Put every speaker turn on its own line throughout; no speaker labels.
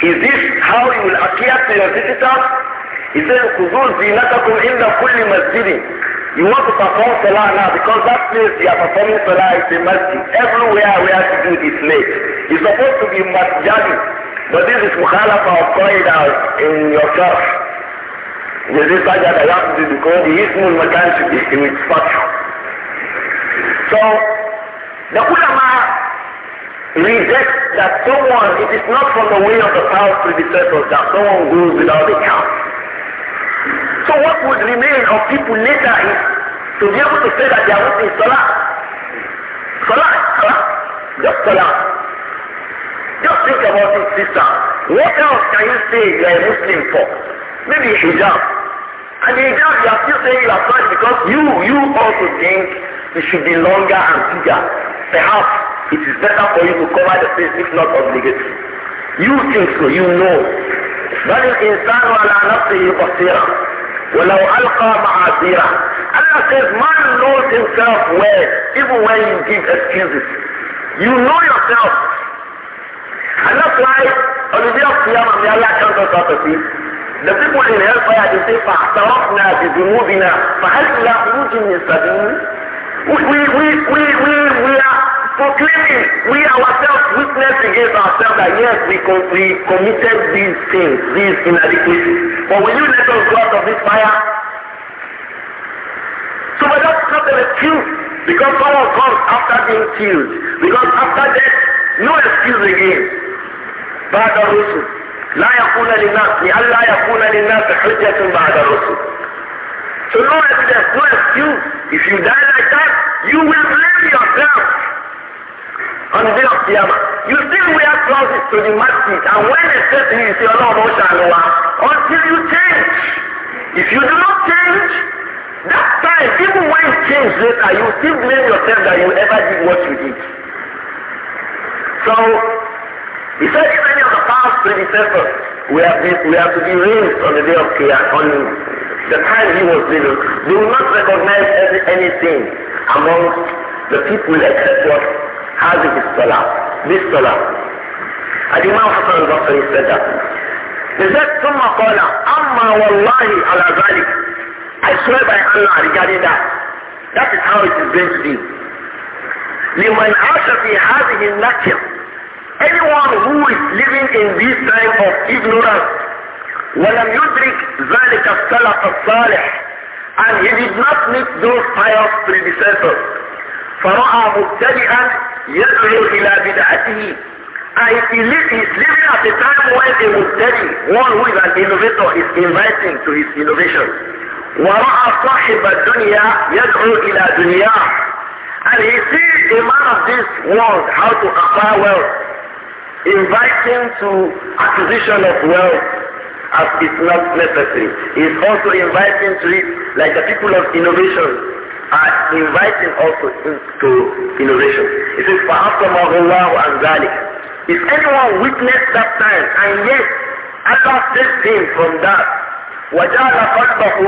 Is this how you will appear to your visitors? He said, Kuzul zinatakum the kulli masjid? You want to perform salah now because that place you are performing salah is a masjid. Everywhere have to do is late. It's supposed to be masjidi. But this is mukhalafa of qaida in your church. This is that I have to do because the ismul makan should be its fashion. So, the ulama reject that someone, it is not from the way of the past predecessors that someone goes without a count. So what would remain of people later is to be able to say that they are not in Salah. Salah, Salah, just Salah. Just think about it, sister. What else can you say you are a Muslim for? Maybe hijab. And the hijab you are still saying you are fine because you, you also think it should be longer and bigger. Perhaps it is better for you to cover the face if not obligatory. You think so, you know. بل الإنسان على نفسه بصيرة ولو ألقى معاذيرة Allah says man knows himself well even when you give excuses. You know yourself. And that's why on the day of Qiyamah may Allah count out of it. The people in hellfire they say فاعترفنا بذنوبنا فهل إلى خروج من سبيل? We, we, we, we proclaiming, we ourselves witness against ourselves that yes, we, com- we committed these things, these inadequacies. But will you let us go out of this fire? So, we that's not an excuse. Because someone comes after being killed. Because after death, no excuse again. بعد الرسل لا يكون للناس لا يكون للناس حجة بعد الرسل. So no evidence, no excuse. If you die like that, you will blame yourself on the day of Qiyamah. You still wear clothes to the masjid, and when they say to you, you say, Allah, no, Shalwa, until you change. If you do not change, that time, even when you change later, you still blame yourself that you ever did what you did. So, he said, if any of the past predecessors we have, been, we have to be raised on the day of Qiyamah, on the time he was living, they will not recognize anything among the people except what هذه الصلاة بالصلاة الإمام حسن البصري استدعى بالذات ثم قال أما والله على ذلك I swear by Allah regarding that that is how it is going to be لمن عاش في هذه النكر anyone who is living in this time of ignorance ولم يدرك ذلك السلف الصالح and he did not meet those pious predecessors فرأى مبتدئا يدعو إلى بدعته And he is living at the time when they were tell one who is an innovator is inviting to his innovation. وَرَأَى صَاحِبَ الدُّنْيَا يَدْعُو إِلَى دُنْيَا And he sees a man of this world, how to acquire wealth, inviting to acquisition of wealth as it's not necessary. He is also inviting to it like the people of innovation, are inviting also into innovation. It says, فَأَطَمَهُ and ذَلِكَ If anyone witnessed that time and yet Allah saved him from that, وجعل قَلْبَهُ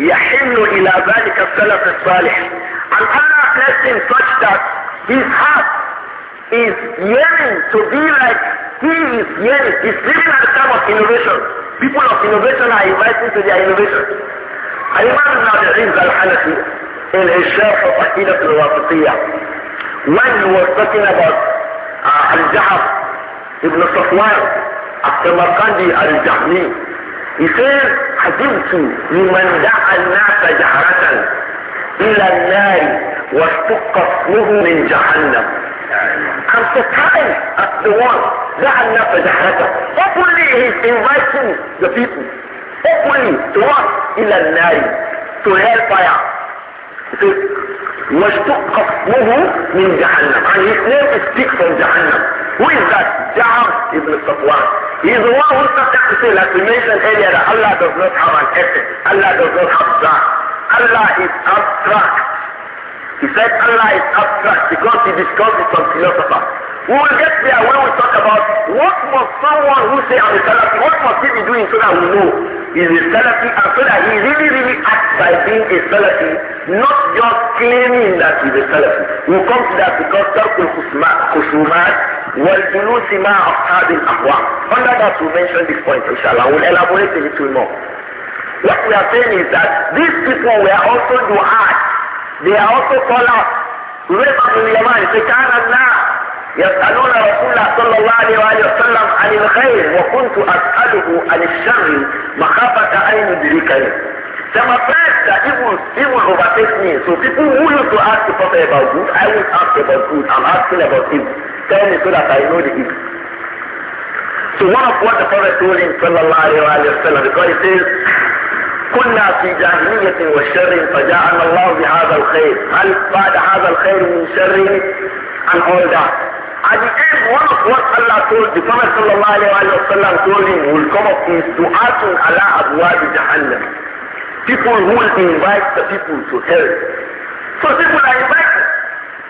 يَحِنُّ إلى ذلك السلف الصالح. And Allah blessed him such that his heart is yearning to be like he is yearning. He's living at the time of innovation. People of innovation are inviting to their innovation. I remember now the Riz al-Hanafi. الشرح وتحديدة الواسطية من هو السكنة آه الجعف ابن صفوان السمرقندي الجهمي يصير حجبت لمن دعا الناس جهرة الى النار واشتق اسمه من جهنم I'm surprised at the one دعا الناس جهرة Hopefully he's inviting the people Hopefully to what? إلى Nari. to hellfire واشتق اسمه من جهنم يعني اثنين استكفر جهنم Who is that? Jaham ibn Safwan. He is the one who started to say, we mentioned earlier, that Allah does not have an essence. Allah does not have that. Allah is abstract. He said Allah is abstract because he discussed it from philosophers. We will get there when we talk about what must someone who say I'm a Salafi, what must he be doing so that we know he's a Salafi and so that he really, really acts by being a Salafi, not just claiming that he's a Salafi. We'll come to that because Tarkul Khusumat wal Julusima of Hadin Ahwa. Under that we'll mention this point inshallah. We'll elaborate a little more. What we are saying is that these people were also du'at. They are also called out. Remember, Yaman, they say, يسألون رسول الله صلى الله عليه وسلم عن الخير وكنت أسأله عن الشر مخافة أن يدركني Democrats that even even overtake me. So people who used to ask the prophet about good, I will ask about good. I'm asking about him. Tell me so that I know the evil. So one of what the prophet told him, صلى الله عليه وسلم because he says, كنا في جاهلية وشر فجاءنا الله بهذا الخير هل بعد هذا الخير من شر and all that At the end, one of what Allah told the Prophet sallallahu alayhi wa sallam told him will come up is to ask Allah abwab jahannam. People who will invite the people to hell. So people are invited.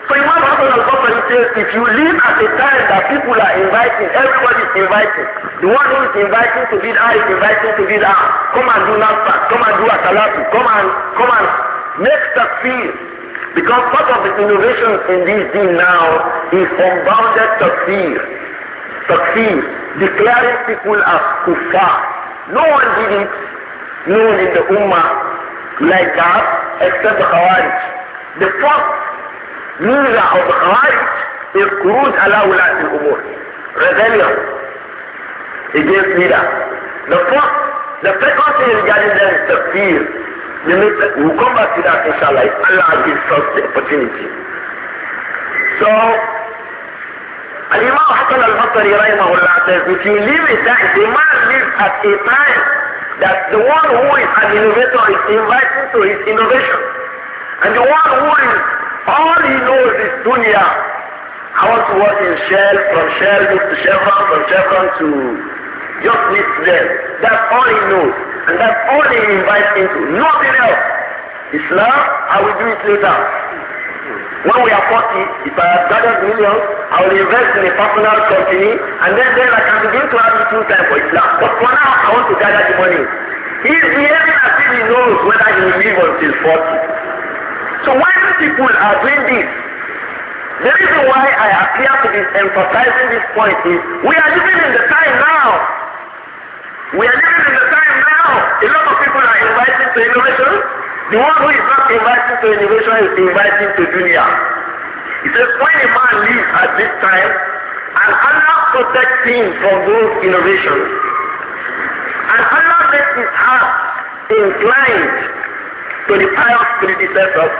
So Imam Hassan al-Basri says, if you live at a time that people are inviting, everybody is inviting. The one who is inviting to bid is inviting to bid Come and do nafsa, come and do asalatu, come and, come and make the fear. Because part of the innovation in this deen now is unbounded takfir. Takfir, declaring people as kuffar. No one did it no one in the ummah like that except the Khawarij. The first means of the Khawarij is Quruj ala in al-umur. Rebellion against leader. The first, the second thing regarding them is takfir. Limit, we'll come back to that inshallah if Allah gives us the opportunity. So, al Hassan al-Hassari rahimahullah says, if you live a that, the man lives at a time that the one who is an innovator is inviting to his innovation. And the one who is, all he knows is dunya. I want to work in Shell, from Shell to Chevron, from Chevron to just leaves them. That's all he knows. And that's all he invites into. Nothing else. Islam, I will do it later. When we are 40, if I have gathered millions, I will invest in a personal company and then, then I can begin to have full time for Islam. But for now, I want to gather the money. He is behaving as if he knows whether he will live until 40. So why do people are doing this, the reason why I appear to be emphasizing this point is we are living in the time now We are living in the time now. A lot of people are inviting to innovation. The one who is not inviting to innovation is inviting to dunya. He says, when a man lives at this time, and Allah protects him from those innovations, and Allah makes his heart inclined to the pious predecessors,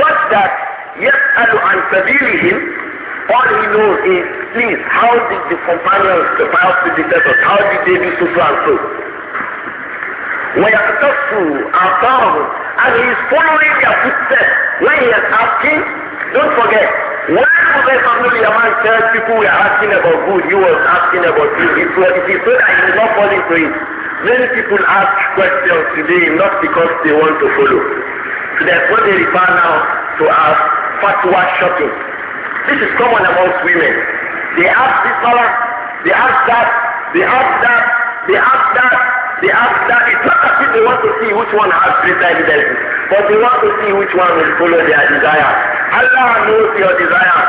such that, yes, and him. All he knows is, please, how did the companions, the past predecessors, how did they do so so and so? ويقتص أعطاهم and he is following their footsteps when he is asking don't forget when Prophet Samuel man tells people we are asking about good he was asking about good it was it is so that he is not falling it many people ask questions today not because they want to follow so that's what they refer now to as fatwa shopping This is common amongst women. They ask this salah, they ask that, they ask that, they ask that, they ask that. It's not as if they want to see which one has greater evidence, but they want to see which one will follow their desire. Allah knows your desire.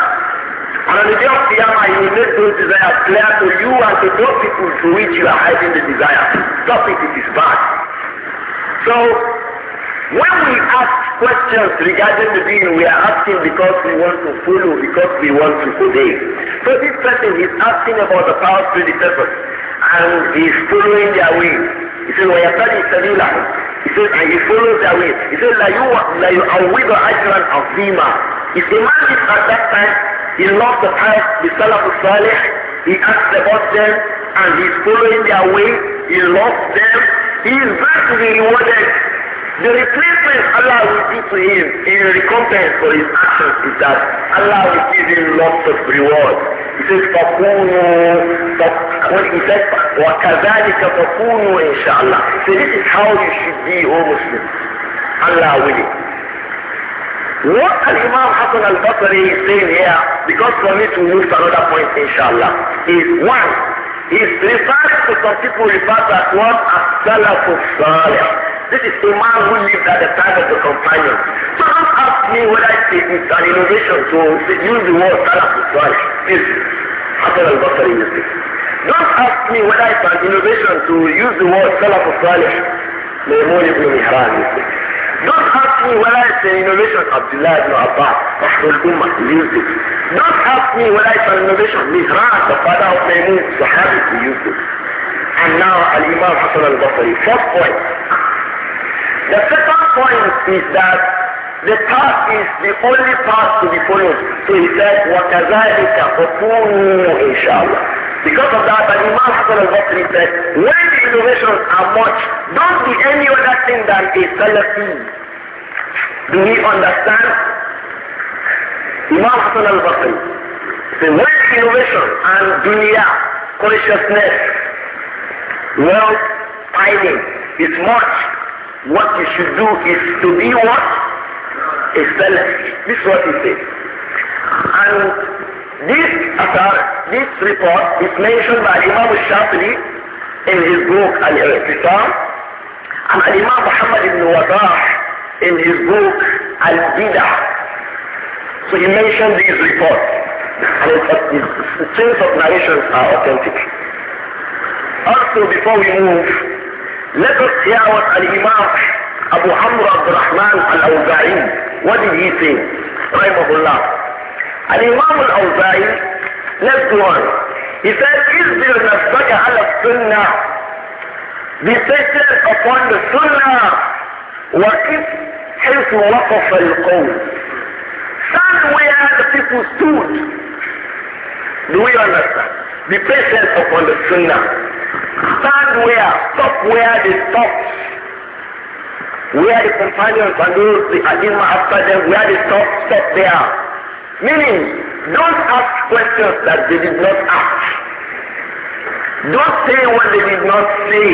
And on the day of Qiyamah, He will make those desires clear to you and to those people to which you are hiding the desire. Stop it, it is bad. So, when we ask questions regarding the deen we are asking because we want to follow, because we want to obey. So this person is asking about the past predecessors and he is following their way. He said وَيَتَلِي سَبِيلَهُ He said and he follows their way. He said La says, لَا يُعَوِّضَ أَجْرًا عَظِيمًا If the man is at that time, he loves the past, the Salaf Salih, he asks about them, and he is following their way, he loves them, he is going rewarded The replacement Allah will do to him in recompense for his actions is that Allah will give him lots of reward. He says, "Fakunu, when he says, وَكَذَلِكَ فَكُونُوا inshallah. So this is how you should be, O Muslim. Allah willing. What Al-Imam Hassan al-Basri is saying here, because for me to move to another point inshallah, is one, is referred to some people refer to as one as Salafus Salih. This is a man who lived at the time of the companion. So don't ask me whether it's an innovation to use the word salaf twice. It's Hassan al-Basri mistake. Don't ask me whether it's an innovation to use the word salaf twice. Maymun ibn Mihran mistake. Don't ask me whether it's an innovation of Abdullah ibn Abbas, Rahmul Ummah, used it. Don't ask me whether it's an innovation of Mihran, the father of Maymun, Sahabi, used it. And now Al-Imam Hassan al-Basri, fourth point. The second point is that the path is the only path to be followed. So he said, وَكَذَلِكَ فَكُونُوا inshallah. Because of that, an Imam Hassan al-Bakri said, when the innovations are much, don't be any other thing than a Salafi. Do we understand? Imam Hassan al-Bakri said, when innovation and dunya, consciousness, wealth, finding is much, وقت you should وقت الثلاث مش وقت الثلاث And this affair, this report is mentioned by Imam Shafi'i in his book Al-Iqtisam and Imam Muhammad ibn Wadah in his book Al-Bidah. So he mentioned these reports and the chains of narrations are authentic. Also before we move لبس يعوة الامام ابو عمرو عبد الرحمن الاوزاعي ودي فين رحمه الله الامام الاوزاعي نفسه He said, اصبر نفسك على السنة Be patient upon the sunnah وقف حيث وقف القوم Stand where the people stood Do we understand? Be patient upon the sunnah Stand where, stop where they stopped. Where the companions and those the Adima after them, where they stopped, stop there. Meaning, don't ask questions that they did not ask. Don't say what they did not say.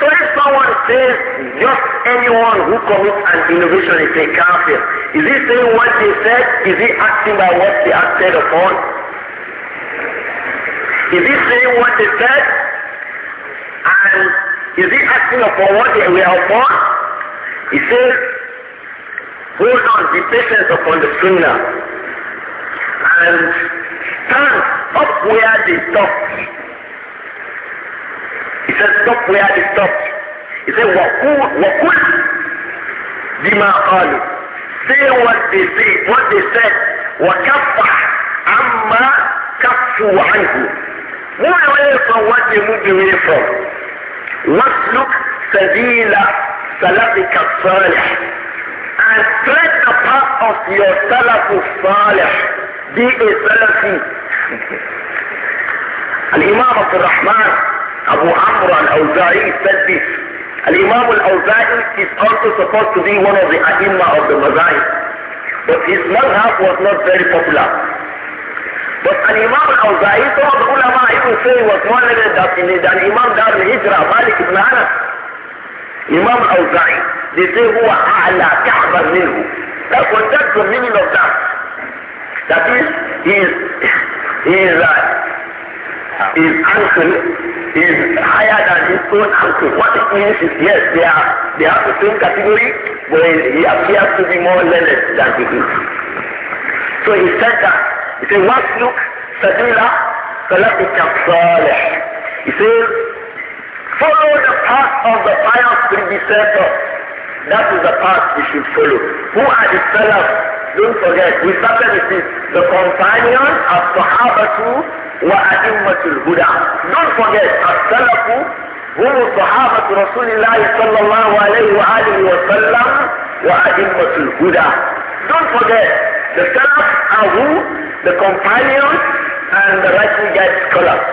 So if someone says just anyone who commits an innovation is a kafir, is he saying what they said? Is he acting by what they acted upon? Is he saying what they said? And is he asking for what they were for? He says, hold on, be patient upon the sunnah. And stand up where they stop." He says, stop where they stop." He says, wakul, wakul, Say what they say, what they said. Wakaffa amma kafu anhu. Move away from what they moved away from. وَاسْلُكْ سَبِيلَ سَلَفِكَ الصَّالِحِ And tread the path of your salaf salih. Be a salafi. الإمام عبد الرحمن أبو عمرو الأوزاعي said this. الإمام الأوزاعي is also supposed to be one of the ai of the Mazahib. But his madhab was not very popular. But an Imam al-Awza'i, some of the ulama even say was one of that in an Imam Dar al-Hijra, Malik ibn Anas. Imam al-Awza'i, they That that's the meaning of that. That is, he is, he is, uh, his uncle is higher than his own uncle. What it means is, yes, they are, they are the same category, but he appears to be more learned than he is. So he said that يصير واسلك سبيل سلكك الصالح يصير follow the path of the pious predecessor that is the path we should follow who are the salaf don't forget we started with this the companions of sahabatu wa adimmatul huda don't forget as-salafu هم صحابة رسول الله صلى الله عليه وآله وسلم وأئمة الهدى. Don't forget, the Salaf are who? the companion and the rightful guide scholars.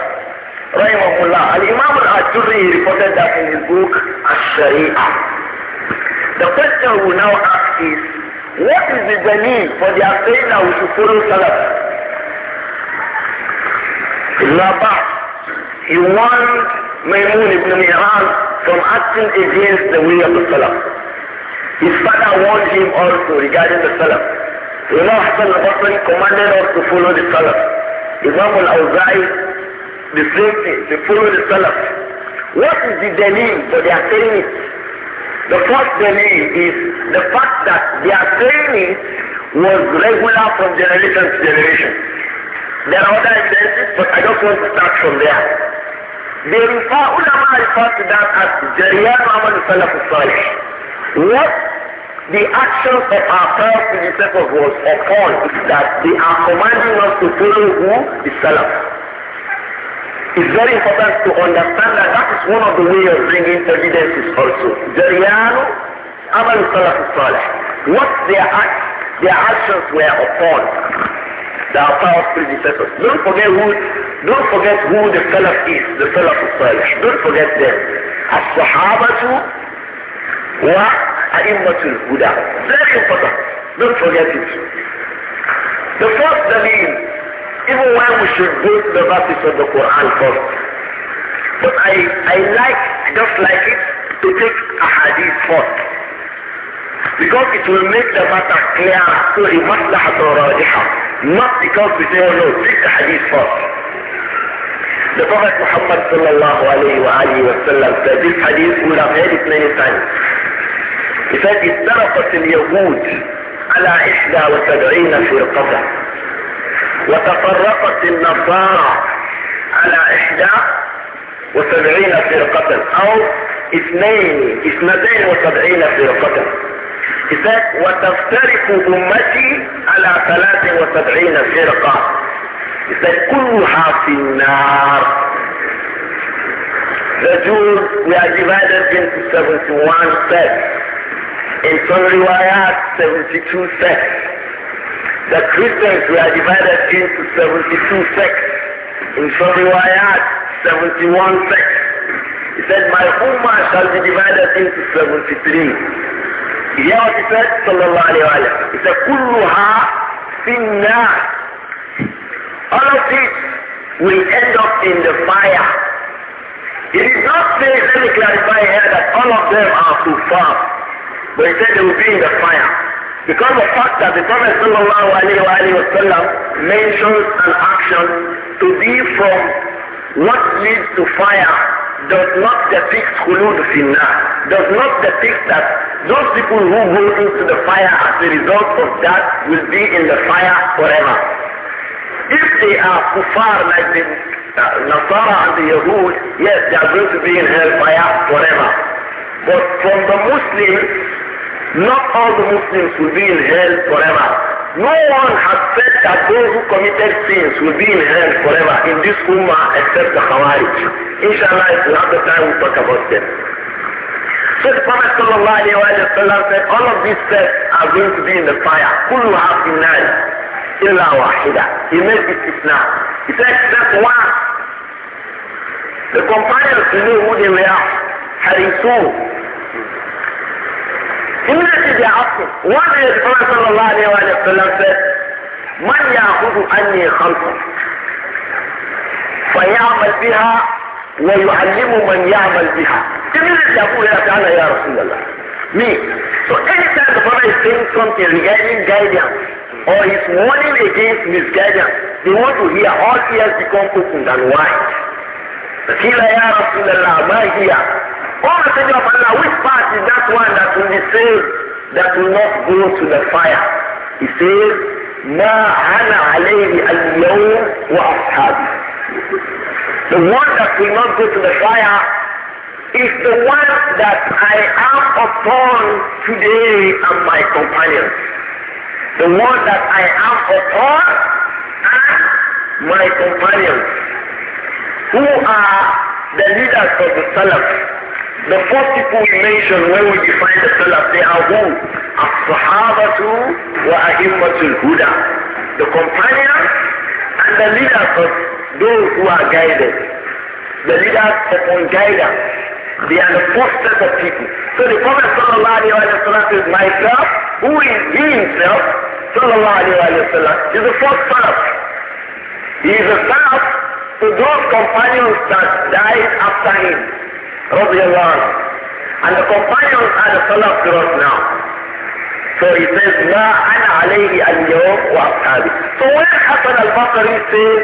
Rahimahullah. Al-Imam al-Ajuri reported that in his book, Ash-Sharia. The question we now ask is, what is the belief for the saying that we should follow Salaf? Labas, he warned Maimun ibn Mihran from acting against the way of the Salaf. His father warned him also regarding the Salaf. Imam Hassan al-Basri commanded us to follow the Salaf. Imam al-Awza'i, the same thing, to follow the Salaf. What is the delay for their saying it? The first delay is the fact that their training was regular from generation to generation. There are other evidences, but I just want to start from there. They refer, ulama refer to that as Jariyan Muhammad Salaf al-Salih. What the actions of our first predecessors was upon that they are commanding us to follow who? The Salaf. It's very important to understand that that is one of the ways of bringing evidences also. Jariyanu Amal Salaf Salih. What their, act, their actions were upon, the first predecessors. Don't forget who, don't forget who the Salaf is, the Salaf Salih. Don't forget them. As-Sahabatu wa a'immatul huda. Very important. Don't forget it. The first dalil, even when we should go to the verses of the Quran first. But I, I like, just like it, to take a hadith first. Because it will make the matter clear to the maslahat or rajiha. Not because we say, oh no, take the hadith first. The Prophet Muhammad sallallahu alayhi wa alayhi wa sallam said this hadith would have heard it many times. فقد افترقت اليهود على احدى وسبعين فرقة وتفرقت النصارى على احدى وسبعين فرقة او اثنين اثنتين وسبعين فرقة وتفترق امتي على ثلاث وسبعين فرقة كلها في النار The Jews we are divided into 71 sects. In Surah riwayat, 72 sects. The Christians were divided into 72 sects. In Surah riwayat, 71 sects. He said, my ummah shall be divided into 73. You hear what he said? Sallallahu alayhi wasallam. He said, kulluha sinna." All of this will end up in the fire. It is not saying, let me clarify here, that all of them are too far. But he said they will be in the fire. Because the fact that the Prophet sallallahu alayhi wa alayhi wa mentions an action to be from what leads to fire does not depict khulud finna, does not depict that those people who go into the fire as a result of that will be in the fire forever. If they are kuffar like the uh, Nasara and the Yahud, yes, they are going to be in hellfire forever. But from the Muslims, Not all the Muslims will be in hell forever. No one has said that those who committed sins will be in hell forever in this Ummah except the Khawarij. Inshallah, if we have the time, we'll talk about them. So the Prophet sallallahu alayhi wa sallam said, all of these steps are going to be in the fire. كلها في النار إلا واحدة. He made this Islam. He said, except one. The companions knew who they were. حريصون التي بعصر وضع الرسول صلى الله عليه وآله وسلم من يأخذ عني خمسة
فيعمل
بها ويعلم من يعمل بها تمنى يقول يا تعالى يا رسول الله مين So anytime the brother is saying something regarding guidance or is warning against misguidance, they want to hear all ears become open and wide. فقيل يا رسول الله ما هي All the children of Allah, which part is that one that will be saved, that will not go to the fire? He says, Ma ما alayhi عليه wa وأصحابي. The one that will not go to the fire is the one that I am upon today and my companions. The one that I am upon and my companions who are the leaders of the Salaf. The four people we mentioned when we define the Salaf, they are who? As-Sahabatu wa Ahimmatul Huda. The companions and the leaders of those who are guided. The leaders upon guidance. They are the first set of people. So the Prophet sallallahu alayhi wa sallam is myself, who is he himself, sallallahu alayhi wa sallam, is the first Salaf. He is a Salaf to those companions that died after him. رضي الله عنه and the companions are the Salaf to us now so he says ما أنا عليه اليوم وأصحابي so when Hassan al-Basri says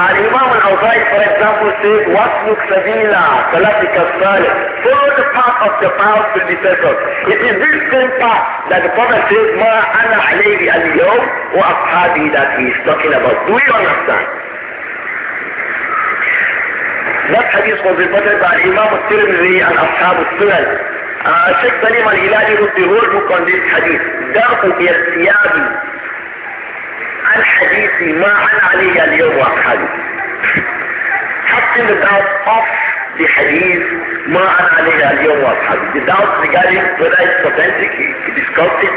and Imam al-Awzai for example says وَاسْلُكْ سَبِيلًا سَلَفِكَ الصَّالِحِ follow the path of the past predecessors it is this same path that the Prophet says ما أنا عليه اليوم وأصحابي that he is talking about do we understand ده حديث البدر بعد الإمام الترمذي عن أصحاب السنن آه، الشيخ سليم الهلالي رده المقام للحديث درء ارتياب الحديث ما عن علي اليوم أحد حتى without off بحديث ما عن علي اليوم أحد the doubt regarding whether it's authentic, discussed it,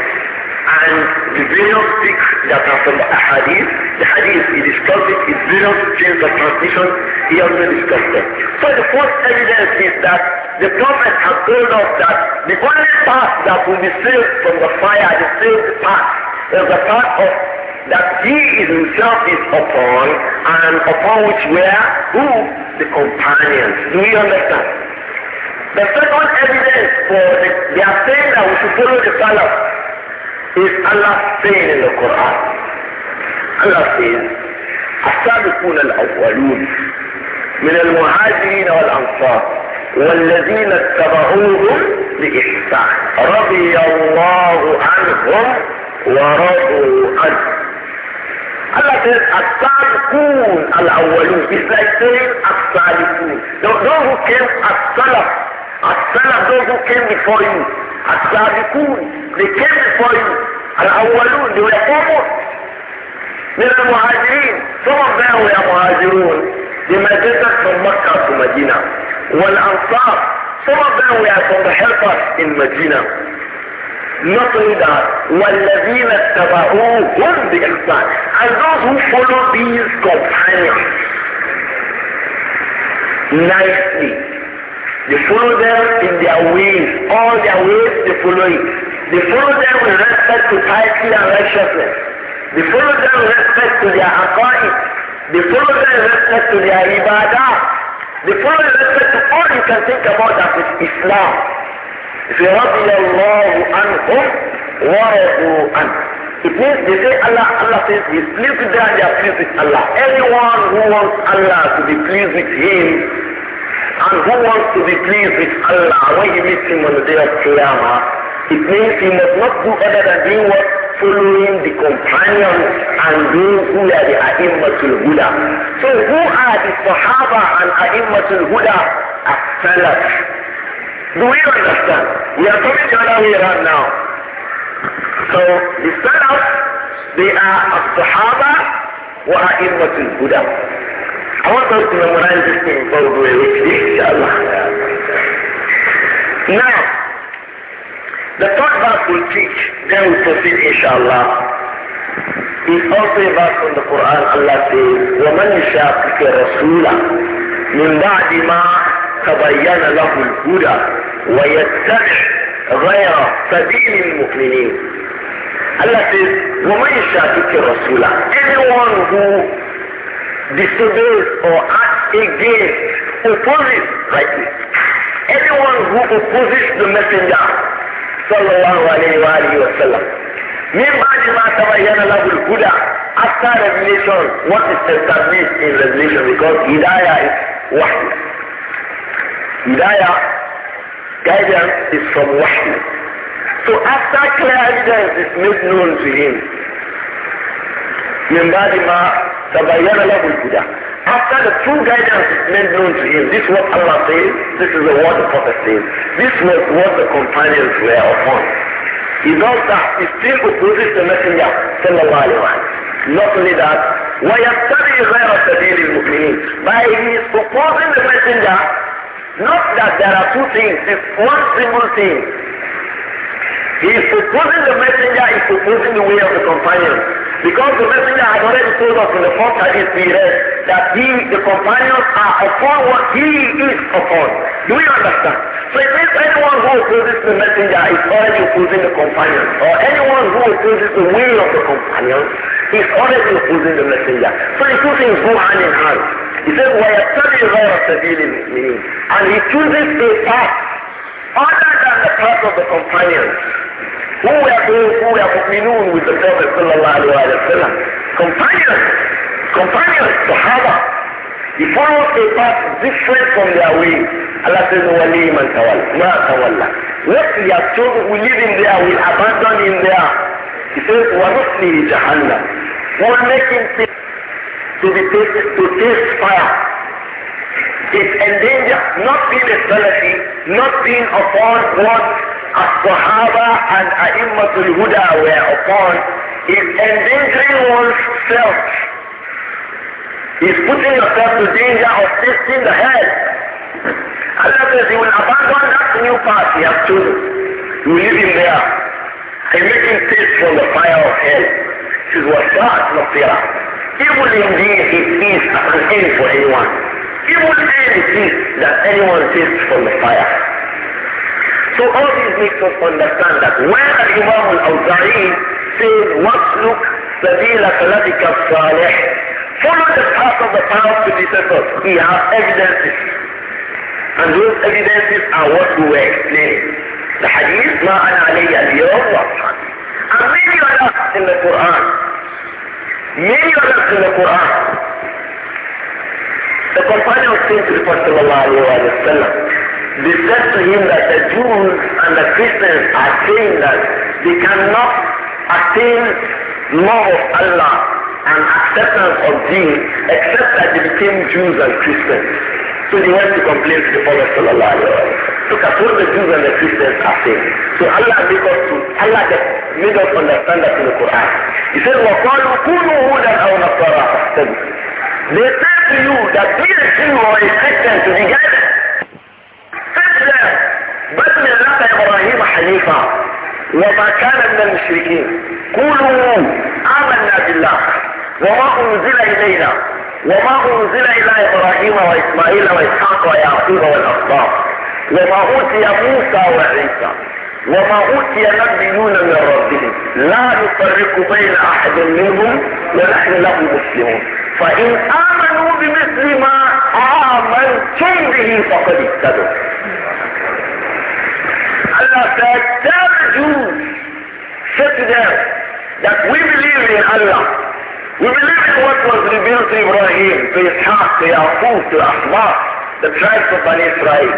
and the various things that are from the hadith, the hadith he discussed it, his various chains of transmission, he also discussed them. So the first evidence is that the Prophet has told us that the only path that will be saved from the fire, the saved path, is the path of that he is himself is upon and upon which were who? The companions. Do you understand? The second evidence for the, they are saying that we should follow the Salaf سيد الله سين القرآن الله سين السابقون الأولون من المهاجرين والأنصار والذين اتبعوهم بإحسان رضي الله عنهم ورضوا عنه الله سين السابقون الأولون It's like saying السابقون Those who came as Salaf As Salaf those who came before you السابقون they came before you الأولون they were
من المهاجرين some of them were مهاجرون they من from في to Medina
والأنصار some of them were في مدينة helpers in Medina not only that والذين اتبعوهم بإحسان and those who follow these companions nicely They follow them in their ways, all their ways they follow it. They follow them with respect to piety and righteousness. They follow them with respect to their aqa'id. They follow them with respect to their ibadah. They follow them with respect to all you can think about that is Islam. If you رضي الله عنهم ورضوا and It means they say Allah, Allah says he's pleased with them, they are pleased with Allah. Anyone who wants Allah to be pleased with him, And who wants to be pleased with Allah when you meet him on the day of Qiyamah? It means he must not do other than doing what? Following the companions and those who are the A'immatul Huda. So who are the Sahaba and A'immatul Huda? As-Salaf. Do we understand? We are coming the other way around now. So the Salaf, they are As-Sahaba wa A'immatul Huda. عوضت المراجع من برضو يوكلي ان شاء الله Now, the third verse we'll teach, then we'll proceed inshallah, is also a verse from the Quran. Allah says, وَمَنْ يُشَاقِكَ الرَّسُولَ مِنْ بَعْدِ مَا تَبَيَّنَ لَهُ الْهُدَى وَيَتَّبِعْ غَيْرَ سَبِيلِ الْمُؤْمِنِينَ Allah says, وَمَنْ يُشَاقِكَ الرَّسُولَ Anyone who disobeys or acts against, opposes rightly. Anyone who opposes the messenger, sallallahu alayhi wa alayhi wa sallam, من بعد ما تبين له الهدى after revelation what is established in revelation because hidayah is wahy hidayah guidance is from wahy so after clear evidence is made known to him من بعد ما تبين له الهدى. After the true guidance is made known to him, this is what Allah says, this is the word the Prophet says, this was what the companions were upon. He does that, he still opposes the Messenger, sallallahu alayhi wa Not only that, وَيَتَّبِي غَيْرَ سَبِيلِ الْمُؤْمِنِينَ By his opposing the Messenger, not that there are two things, it's one single thing. He is proposing the messenger is supposing the way of the companion. Because the messenger has already told us in the first hadith we read that he, the companions are upon what he is upon. Do you understand? So it means anyone who opposes the messenger is already opposing the companion. Or anyone who opposes the will of the companion is already opposing the messenger. So the two things go hand in hand. He says, وَيَتَّبِي غَيْرَ سَبِيلِ الْمُؤْمِنِينَ And he chooses a path other than the path of the companions. who were praying, who were mu'minun with the Prophet sallallahu alayhi wa sallam. Companions, companions, Sahaba. He followed a path different from their way. Allah says, Wali man tawalla, ma tawalla. What he has chosen, we live in there, we abandon him there. He says, wa nusli jahannam. We will make him to be taken, to taste fire. It's endangered, not being a Salafi, not being upon what As-Sahaba and A'immatul Huda were upon is endangering oneself. Is putting yourself to danger of tasting the hell. Allah says he will abandon that new path he has chosen. You leave him there and make him taste from the fire of hell. This is what God not there. Evil indeed it is as an end for anyone. Evil indeed it is that anyone tastes from the fire. So all these make us understand that when Imam al-Awza'i says, وَاسْلُكْ سَبِيلَ فَلَدِكَ الصَّالِحِ Follow the path of the to be predecessors. He has evidences. And those evidences are what we were explaining. The hadith, مَا أَنَا عَلَيَّ الْيَوْمِ wa And many others in the Quran. Many others in the Quran. The companion came to the Prophet sallallahu alayhi wa sallam They said to him that the Jews and the Christians are saying that they cannot attain love of Allah and acceptance of deen except that they became Jews and Christians. So he went to complain to the Prophet Sallallahu Alaihi Wasallam. Look at what the Jews and the Christians are saying. So Allah made us to Allah made us understand that in the Quran. He said, وَقَالُوا كُونُوا هُودًا أَوْ نَصَارَى فَاهْتَدُوا They said to you that be a Jew or a Christian to be guided الإسلام بل لقى إبراهيم حنيفا وما كان من المشركين قولوا آمنا بالله وما أنزل إلينا وما أنزل إلى إبراهيم وإسماعيل وإسحاق ويعقوب والأخبار وما أوتي موسى وعيسى وما أوتي نبيون من ربهم لا نفرق بين أحد منهم ونحن له مسلمون فإن آمنوا بمثل ما آمنتم به فقد اهتدوا Allah said, tell the Jews, say to them, that we believe in Allah. We believe in what was revealed to Ibrahim, to Ishaq, to Yaqub, to Ahmad, the tribes of Bani Israel.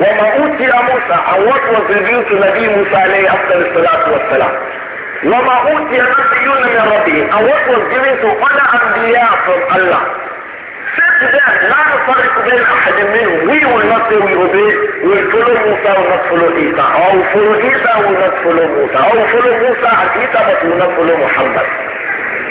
وَمَا أُوتِيَ مُوسَى And what was revealed to Nabi Musa alayhi after salatu was salam. وَمَا أُوتِيَ نَبِيُّونَ مِنْ رَبِّهِ And what was given to other Anbiya from Allah. اتجاه لا نفرق بين احد منهم وي will not say we obey will follow Musa will not follow Isa or follow Isa will not follow Musa or follow Musa and Isa but will not follow Muhammad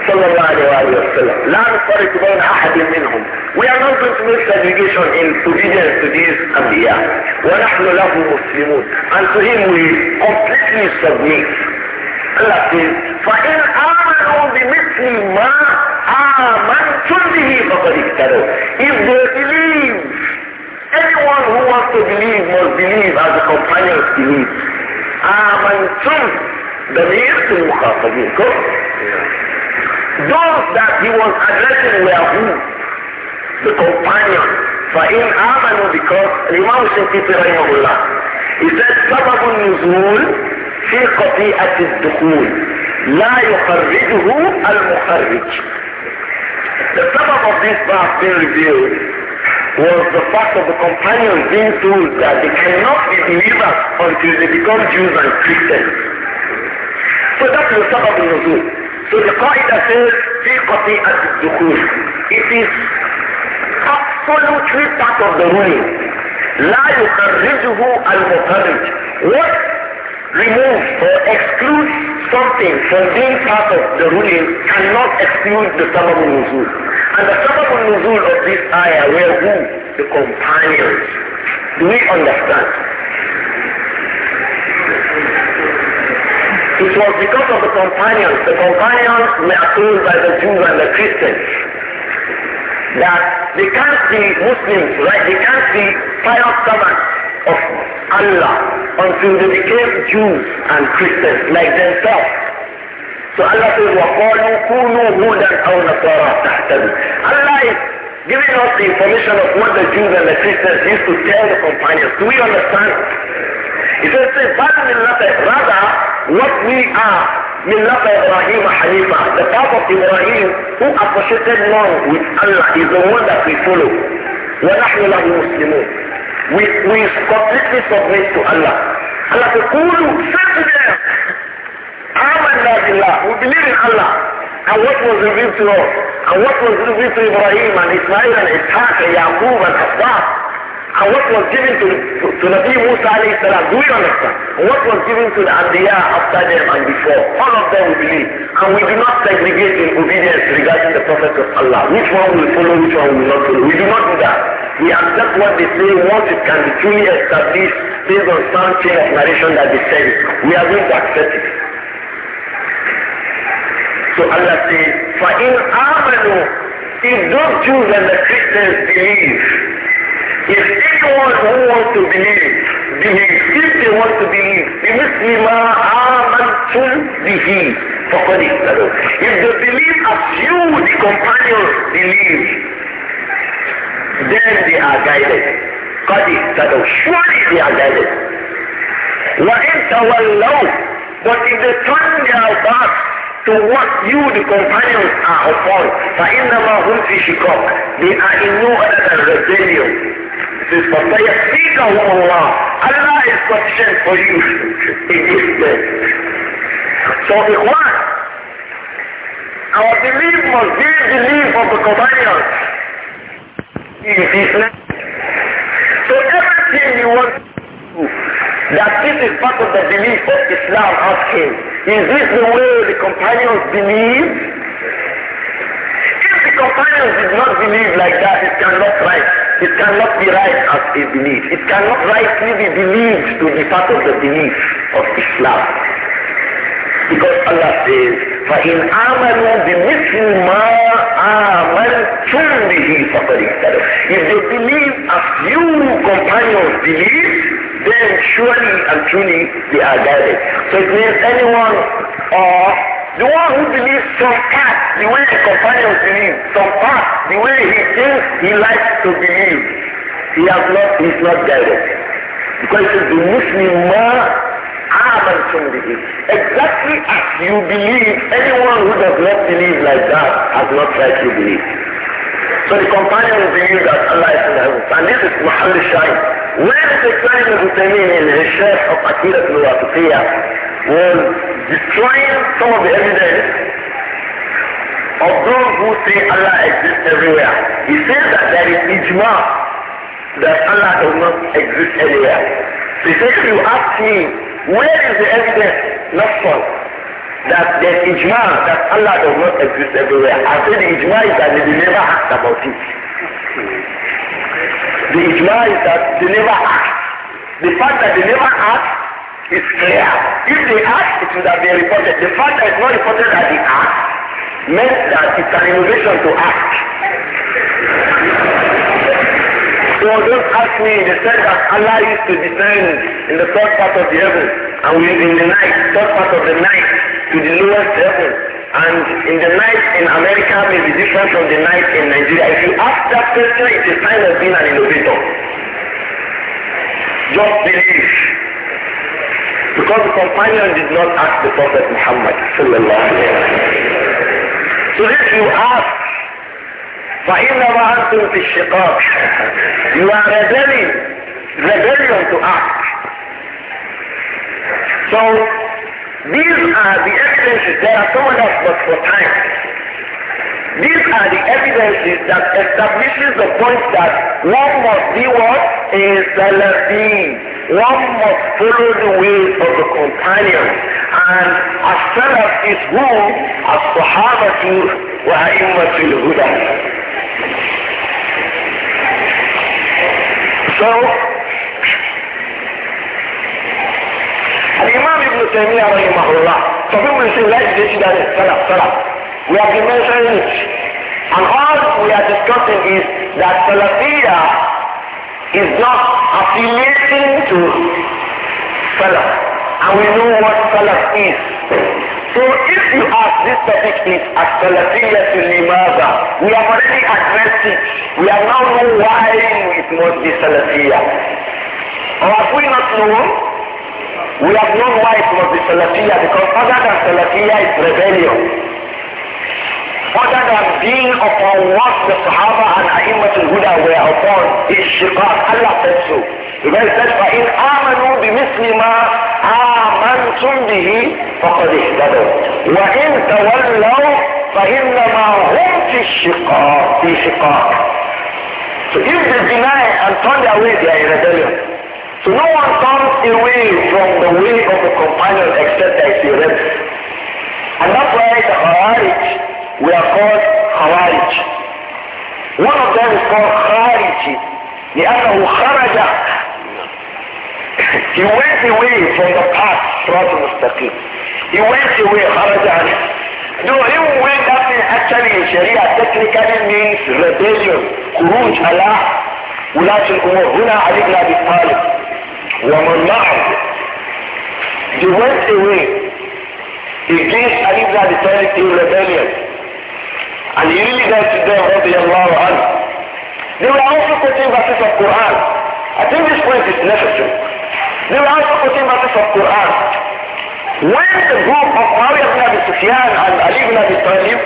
صلى الله عليه وآله وسلم لا نفرق بين أحد منهم we are not going to make segregation in obedience to these أنبياء ونحن له مسلمون and to him we completely submit Allah says فإن آمنوا بمثل ما If they believe, anyone who wants to believe must believe as the companions believe. true, the means to Mukhafadim. Those that he was addressing were who? The companions. فإن آمنوا because الإمام الشنقيطي رحمه الله He said سبب النزول في قطيئة الدخول لا يخرجه المخرج The purpose of this verse being revealed was the fact of the companions being told that they cannot be believers until they become Jews and Christians. So that was some of the Nuzul. So the Qaeda says, في قطيئة الدخول. It is absolutely part of the ruling.
لا يخرجه
المخرج. What remove or exclude something from being part of the ruling cannot exclude the sabab nuzul. And the sabab nuzul of this ayah were who? The companions. Do we understand? It was because of the companions. The companions were told by the Jews and the Christians that they can't be Muslims, right? They can't be fire servants of Allah until they became Jews and Christians like themselves. So Allah says, وَقَالُوا كُونُوا هُودًا أَوْ نَصَارَى تَهْتَدُوا Allah is giving us the information of what the Jews and the Christians used to tell the companions. Do we understand? It says, rather, what we are, Millat Ibrahim Hanifa, the path of Ibrahim, who associated none with Allah, is the one that we follow. وَنَحْنُ لَهُ مُسْلِمُونَ we we completely submit to Allah. Allah said, Kulu, say to them, Amanna billah, we believe in Allah. And what was revealed to us? And what was revealed to Ibrahim and Ismail and Ishaq and Yaqub and Abbas? And what was given to, to, to Nabi Musa alayhi salam? Do you understand? And what was given to the Anbiya after them and before? All of them we believe. And we do not segregate in obedience regarding the Prophet of Allah. Which one will follow, which one will not follow. We do not do that. We accept what they say once it can be truly established based on something chain of narration that they said We are going to accept it. So Allah says, for فَإِنْ آمَنُوا If those Jews and the Christians believe, if anyone who wants to believe, believe, if they want to believe, the مَا آمَنْتُمْ بِهِ فَقَدْ If they believe as you, the companions, believe, then they are guided. قد اهتدوا surely they are guided. وإن تولوا but if they turn their back to what you the companions are upon فإنما هم في شقاق they are in no other than rebellion. This is فسيكفيكهم الله Allah is sufficient for you in this day. So the one our belief must be the belief of the companions So everything you want to do, that this is part of the belief of Islam, ask him, is this the way the companions believe? If the companions did not believe like that, it cannot right. It cannot be right as a belief. It cannot rightly be believed to be part of the belief of Islam. Because Allah says, فإن آمنوا بمثل ما آمنتم به فقد اهتدوا. If they believe as you companions believe, then surely and truly they are guided. So it means anyone or the one who believes some part, the way the companions believe, some part, the way he thinks he likes to believe, he has not, he is not guided. Because it the Muslim more amantum bihi. Exactly as you believe, anyone who does not believe like that has not like you believe. So the companions believe that Allah is in heaven. And this is Muhammad Shaykh. When the time of Utaymin in the Sheikh of Akira al-Waqifiyah was destroying some of the evidence of those who say Allah exists everywhere, he says that there is ijma that Allah does not exist anywhere. So he says, if you ask me, Where is the evidence? Not from
that the ijma that Allah does not exist everywhere. I say the ijma is that they never ask about it. The ijma is that they never ask.
The fact that they never ask is clear. If they ask, it would have been reported. The fact that it's not reported that they ask meant that it's an innovation to ask. So don't ask me, they said that Allah used to descend in the third part of the heaven, and we in the night, third part of the night, to the lowest heaven. And in the night in America may be different from the night in Nigeria. If you ask that question, it's a sign of being an innovator. Just believe. Because the companion did not ask the Prophet Muhammad. So if you ask فإنما أنتم في الشقاق You are rebelling, rebellion to ask. So, these are the evidences. There are so many of but for time.
These are the evidences
that establishes the point that one must be what? A Salafin. One must follow the ways of the companions. And as far as is rule, As Sahabatu wa A'immatul Huda. So, Imam Ibn Taymiyyah rahimahullah, some people say, let's get it done, salah, salah. We have been mentioning it. And all we are discussing is that Salafiyya is not affiliating to Salaf. And we know what Salaf is. So if you ask this topic is as to Limaza, we have already addressed it. We are now know why it must be Salafiyya. Or have we not known? We have known why it must be Salafiyya because other than Salafiyya is rebellion. Other than being upon what the Sahaba and A'immatul Huda were upon, is shikar Allah said so. Because he said, فَإِنْ آمَنُوا بِمِثْلِ مَا أنتم به فقد اهتدوا وإن تولوا فإنما هم في الشقاق في شقاق So if they deny and turn away, they are in rebellion. So no one turns away from the way of the companion except that he rebel.
And that's why the Khawarij, we are called Khawarij.
One of them is called Khawarij. لأنه خرج He went away from the path Sirat mustaqim He went away, kharaja anhu. No, him went that thing actually in Sharia technically means rebellion, khuruj ala ولاة الأمور هنا علي بن أبي طالب ومن معه He went away against Ali ibn Abi Talib in rebellion. And he really got to them, radiallahu anhu. They were also quoting verses of Quran. I think this point is necessary the also put in verses of Quran. When the group of Muawiyah bin Abi Sufyan and Ali bin Abi Talib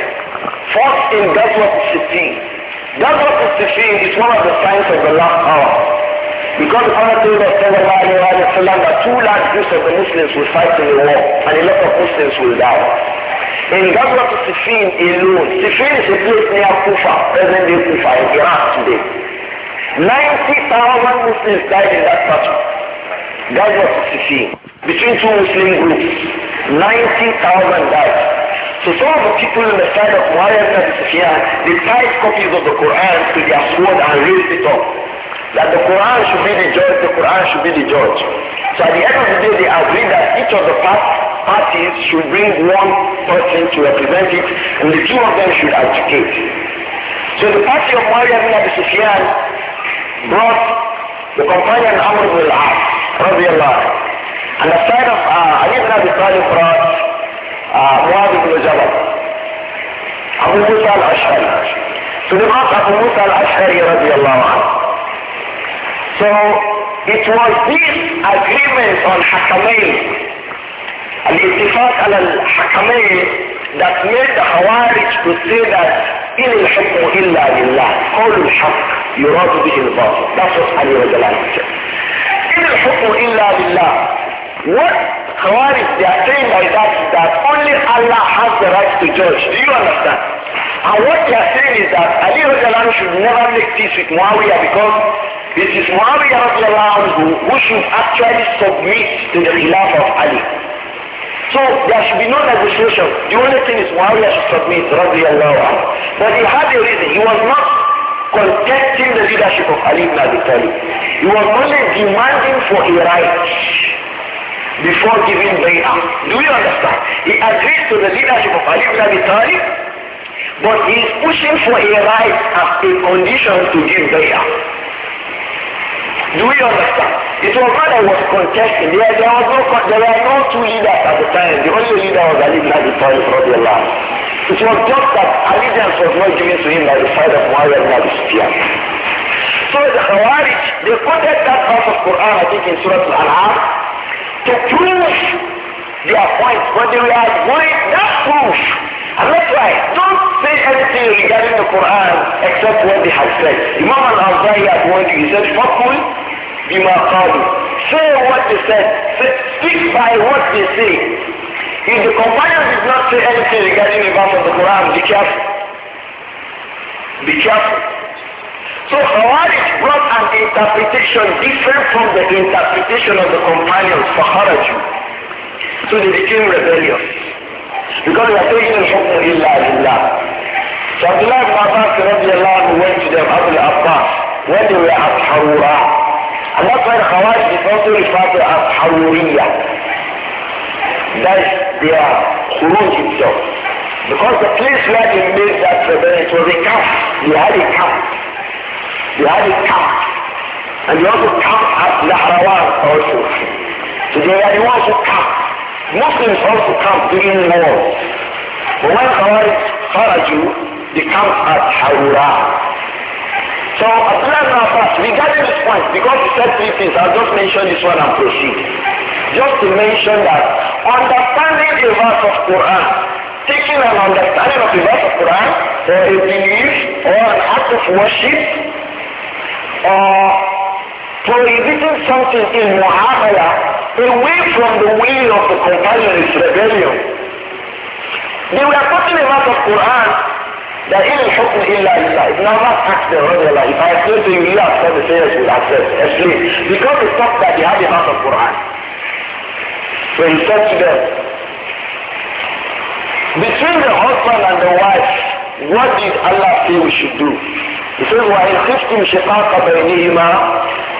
fought in Ghazwat al-Sittin, Ghazwat al is one of the signs of the last hour. Because the Prophet told us sallallahu alayhi wa that two large groups of the Muslims will fight in the war and a lot of Muslims will die. In Ghazwat al alone, Sittin is a place near Kufa, present-day Kufa in Iraq today. 90,000 Muslims died in that battle. That was Between two Muslim groups, 90,000 died. So some of the people in the side of Muayyad and Sufyan, they tied copies of the Quran to their sword and raised it up. That the Quran should be the judge, the Quran should be the judge. So at the end of the day, they agreed that each of the parties should bring one person to represent it, and the two of them should advocate. So the party of Muayyad ibn Sufyan brought the companion Amr ibn al-As رضي الله عنه. And the آه، علي بن ابي طالب ibn آه، معاذ بن جبل ابو موسى الاشعري Jabal, Abu Musa al رضي الله عنه. So it was this agreement on Hakamain الاتفاق على الحكمين that made the Hawarij to say that إن الحكم إلا لله قول الحق يراد به الباطل that's what Ali Rajalani said in al-hukmu illa lillah. What Khawarij, they are saying like that, that only Allah has the right to judge. Do you understand? And what they are saying is that Ali Rajalan should never make peace with Muawiyah because it is Muawiyah Rajalan who, who should actually submit to the Khilafah of Ali. So there should be no negotiation. The only thing is Muawiyah should submit, radiallahu anhu. But he had a reason. He was not contesting the leadership of Ali ibn Abi Talib. He was only demanding for a right before giving bay'ah. Do you understand? He agrees to the leadership of Ali ibn Abi Talib, but he is pushing for a right as a condition to give bay'ah. Do you understand? It was not I was contesting. There, there, was no, there were no two leaders at the time. The only leader was Ali ibn Abi Talib, radiallahu It was just that allegiance was not given to him by the side of Muawiyah ibn Abi Sufyan. So the Khawarij, they quoted that verse of Quran, I think in Surah Al-An'am, to prove their point, but they were going that proof. And that's why, don't say anything regarding the Quran except what they have said. Imam al-Azhari had warned you, he said, Fakul bima qalu. Say what they said, say, speak by what they say. If the companion did not say anything regarding the verse of the Quran, be careful. Be careful. So Khawarij brought an interpretation different from the interpretation of the companions for Haraju. So they became rebellious. Because they are taking the hukm illa lillah. So Abdullah ibn Abbas went to them, Abdul Abbas, when they were at Harura. And that's why the Khawarij is also referred to as Haruriya that they are Khuruj himself, Because the place where they made that rebellion, it was a camp. They had a camp. They had a camp. And they also camped at Lahrawan also. So they were the ones who camped. Muslims also camped during war. But when Khawarij you, they camped at Harura. So Abdullah Abbas, regarding this point, because he said three things, I'll just mention this one and proceed just to mention that understanding the verse of Quran, taking an understanding of the verse of Quran, or a belief, or an act of worship, or prohibiting something in Muhammad away from the will of the companion is rebellion.
They were putting talking verse of Quran that in الحكم إلا لله. It's not about asked the Lord Allah. If I explain to you, you have to say the sayers will accept. Explain. Because it's not that they have the verse of
Quran. So he said to them, between the husband and the wife, what did Allah say we should do? He says, وَإِنْ خِفْتُمْ شِقَاقَ بَيْنِهِمَا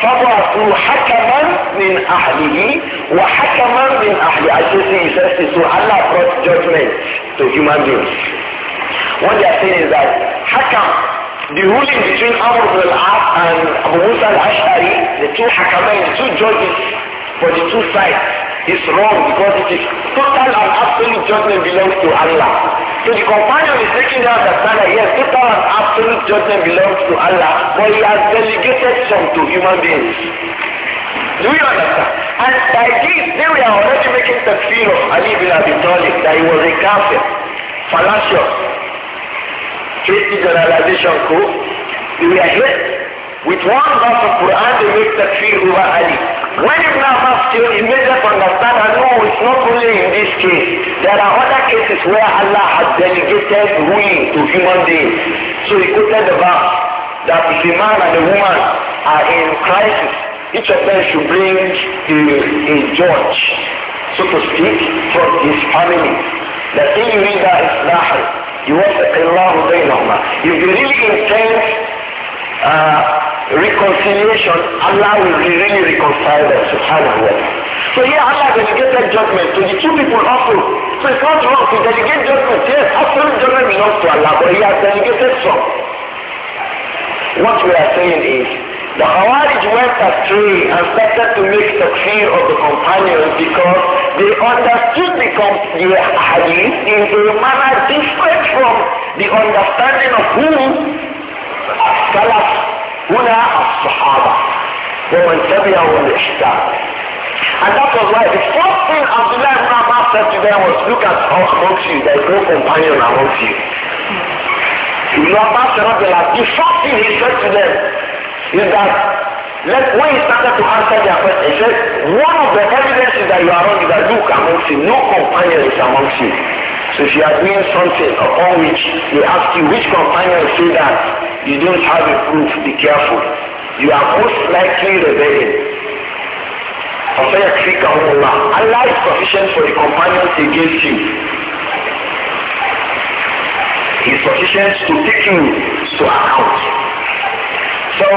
فَبَعْثُوا حَكَمًا مِنْ أَهْلِهِ وَحَكَمًا مِنْ أَهْلِ Actually, he says this, so Allah brought judgment to human beings. What they are saying is that Hakam, the ruling between Amr ibn al-As and Abu Musa al-Ash'ari, the two Hakamain, the two judges for the two sides, is wrong because it is total and absolute judgment belongs to Allah. So the companion is taking down the standard, yes, total and absolute judgment belongs to Allah, but he has delegated some to human beings. Do you understand? And by this, they were already making the fear of Ali bin Abi Talib that he was a kafir, fallacious, hasty generalization, cool. They were hate With one verse of Quran, they make the tree over Ali. When Ibn Abbas killed, he made us understand that no, it's not only in this case. There are other cases where Allah has delegated ruling to human beings. So he quoted the verse that if a man and a woman are in crisis, each of them should bring a, a judge, so to speak, from his family. The thing you need that is nahr. You want Allah بينهما. If you really intend uh, reconciliation, Allah will really reconcile them, subhanahu wa ta'ala. So here Allah delegated judgment to the two people also. So it's not wrong to delegate judgment. Yes, absolute judgment belongs to Allah, but he has delegated some. What we are saying is, the Khawarij went astray and started to make takfir of the companions because they understood the, the in a manner different from the understanding of who Salaf هنا الصحابة ومن تبعهم بإحسان And that was why the first thing Abdullah ibn Abbas said to them was, look at how amongst you, there is no companion amongst you. Ibn Abbas said, the first thing he said to them is that Let, when he started to answer their question, he said, one of the evidences that you are wrong is that look amongst you, no companion is amongst you. So if you are doing something upon which they ask you which companion say that you don't have a proof, be careful. You are most likely rebelling. Allah. Allah is sufficient for the companions against you. He's sufficient to take you to account. So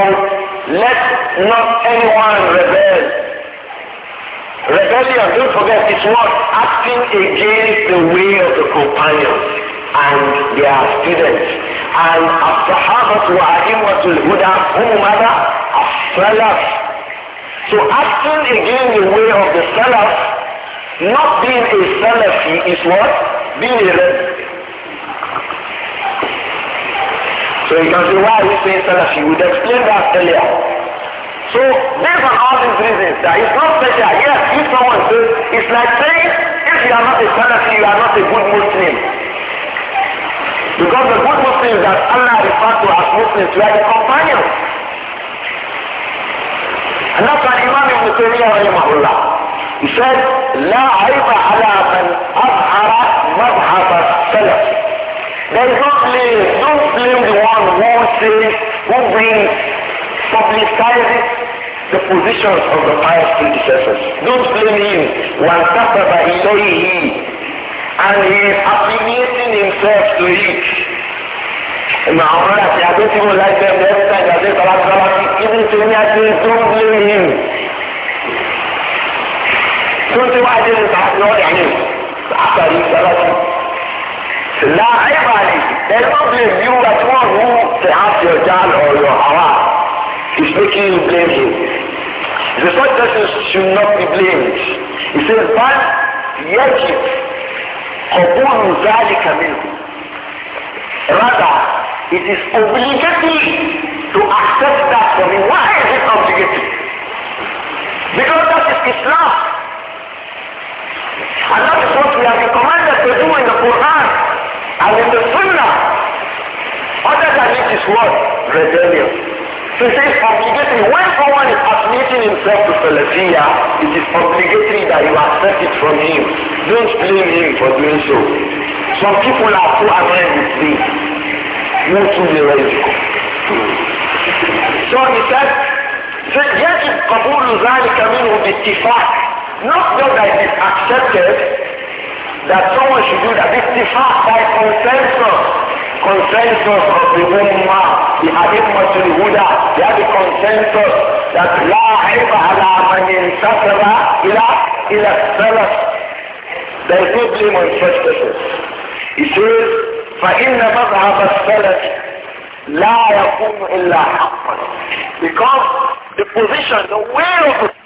let not anyone rebel Rebellion, don't forget, is what? Acting against the way of the companions and their students. And as wa a'imatul huda, hum As-salaf. So acting against the way of the salaf, not being a salafi is what? Being a rebel.
So you can see why he's you saying salafi? We explain that earlier.
So never are all reason that it's not special. Yes, if someone says, it's like saying, if you are not a Salafi, you are not a good Muslim. Because the good Muslims that Allah refers to as Muslims were the companions. And that's what Imam Ibn Taymiyyah rahimahullah. He said, لا عيب على من أظهر مذهب السلف. There is no blame, no blame the one who says, who brings publicizes the positions of the pious predecessors. Don't blame him. وَانْتَقَبَ إِلَيْهِ And he is affiliating himself to it.
Now, honestly, I don't even like them. The every time I say Salah even to me, I say, don't blame him.
Don't say why I do? have no idea. After he Salah,
لا عيب عليك. They don't blame you as one who has your child or your hour. He's making you blame him.
The third person should not be blamed. He says, but yet قبول ذلك منه. Rather, it is obligatory to accept that from him. Why is it obligatory? Because that is Islam.
And that is what we are commanded to do in the Quran and in the Sunnah. Other than it is what?
Rebellion. He says obligatory. When someone is admitting himself to Salafia, it is obligatory that you accept it from him. Don't blame him for doing so. Some people are too annoyed with me, You too theoretical. So he if said, يجب coming ذلك منه tifa, Not that it is accepted that someone should do that. tifa by consensus. consensus of the Ummah, the Aimmat al-Huda, they have the consensus that لا عيب على من انتسب إلى إلى السلف. There is no blame on such persons. He says, فإن مذهب السلف لا يكون إلا حقا.
Because the position, the way of the